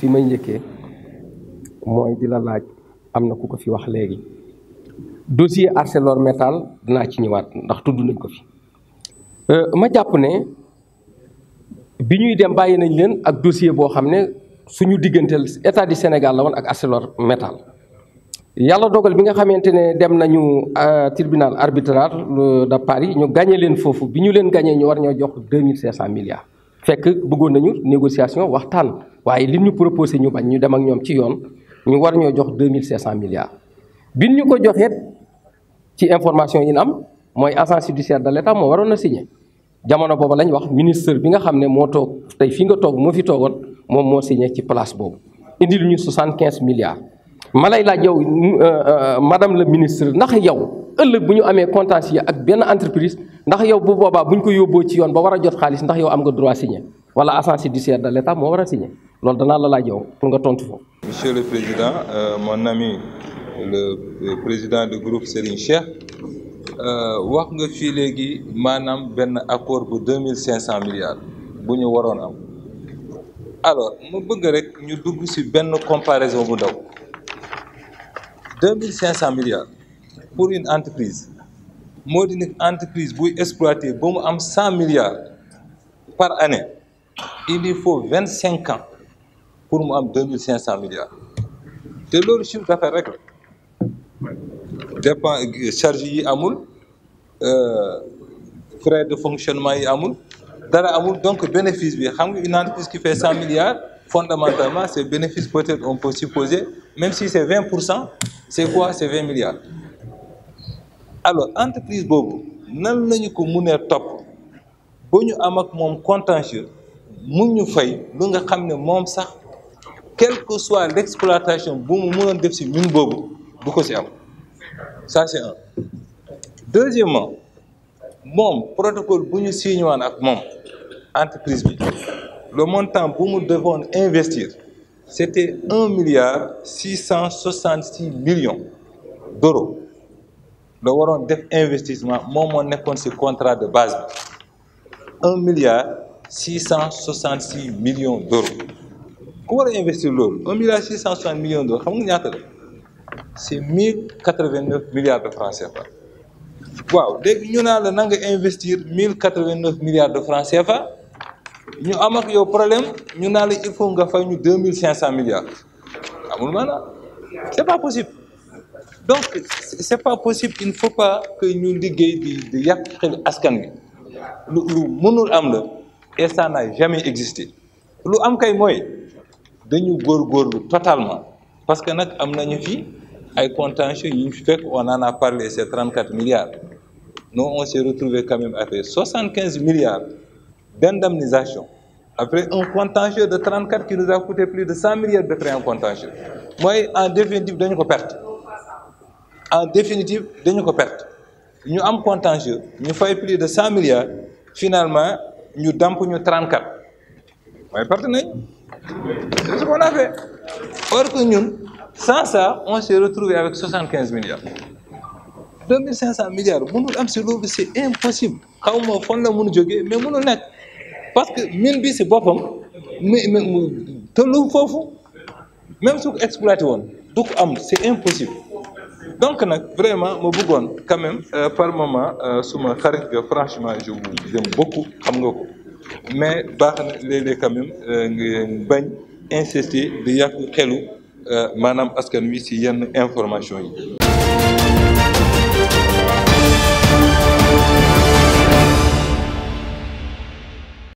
fi may ñëkke moy di la laaj am na ku ko fi wax léegi dossier metal dina ci ñëwaat ndax tuddu nañ ko fi euh, ma japp ne bi ñuy dem bàyyi nañ leen ak dossier bo xam ne suñu digëntel état du Sénégal la won ak metal yalla dogal bi nga xamantene dem nañu euh, tribunal arbitral de Paris ñu gagné leen fofu bi ñu leen gagné ñu war ñoo jox 2500 milliards fekk bëggoon nañu négociation waxtaan waaye li ñu proposé ñu bañ ñu dem ak ñoom ci yoon ñu war ñoo jox 2500 milliards. bi ñu ko joxeet ci information yi ñu am mooy agence judiciaire de l' état moo waroon a signé jamono boobu lañ wax ministre bi nga xam ne moo toog tey fi nga toog moo fi toogoon moom moo signé ci place boobu indil ñu 75 milliards. ma lay laaj yow euh, euh, madame le ministre ndax yow ëllëg bu ñu amee yi ak benn entreprise ndax yow bu boobaa bu ñu ko yóbboo ci yoon ba war a jot xaalis ndax yow am nga droit signé wala agence judiciaire de l' état moo war a signé loolu danaa la laaj yow pour nga tontu foofu. monsieur le président euh, mon ami le président du groupe Serigne Cheikh euh, wax nga fii léegi maanaam benn accord bu 2500 milliards bu ñu waroon am alors mu bëgg rek ñu dugg ci benn comparaison bu ndaw 2500 milliards pour une entreprise une entreprise vous exploiter 100 milliards par année il lui faut 25 ans pour avoir 2500 milliards C'est chiffre d'affaires rek charge amul euh, frais de fonctionnement yi amul bénéfice une entreprise qui fait 100 milliards fondamentalement ces bénéfices peut-être on peut supposer même si c'est 20%. c'est quoi c'est 20 milliards alors entreprise Bobo, nan lañu ko munee top ba ñu am ak mom contentieux mun fay lu nga xamné mom sax quelle que soit l'exploitation, exploitation bu mu mënoon def ci ñun du ko ci am ça c'est un deuxièmement mom protocole bu ñu signé woon ak mom entreprise bi le montant bu mu devons investir c'était 1 milliard 666 millions d'euros la waron def investissement qui est contrat de base 1 milliard 666 millions d'euros comment investir loolu un milliard millions d'euros xam nga c'est 1089 milliards de francs CFA waaw ñu la milliards de francs CFA ñu am ak problème ñu il faut nga fay ñu milliards c'est pas possible donc ce n'est pas possible il ne faut pas que nous liggéey de di yàq askan lu et ça n'a jamais existé lu am kay mooy dañu góorgóorlu totalement parce que nous avons une fi ay contentieux on en a parlé c'est 34 milliards nous on s'est retrouvés retrouvé quand même avec 75 milliards d'indemnisation, après un contentieux de 34 qui nous a coûté plus de 100 milliards de frais en contentieux Moi, en définitive nous ko perdu en définitive dañu nous perte ñu am contentieux nous fay plus de 100 milliards finalement nous avons ñu 34 Mais pardonnez c'est ce qu'on a fait or que sans ça on s'est retrouvé avec 75 milliards 2500 milliards mënul am c'est impossible Quand on fan le mun mais est honnête. parce que 1000, c'est pas bon. mais mais tollu foofu même su ko exploité c'est impossible donc vraiment je suis quand même euh, par moment euh, sous mon franchement je vous beaucoup mais je quand même euh, insister Madame que y a information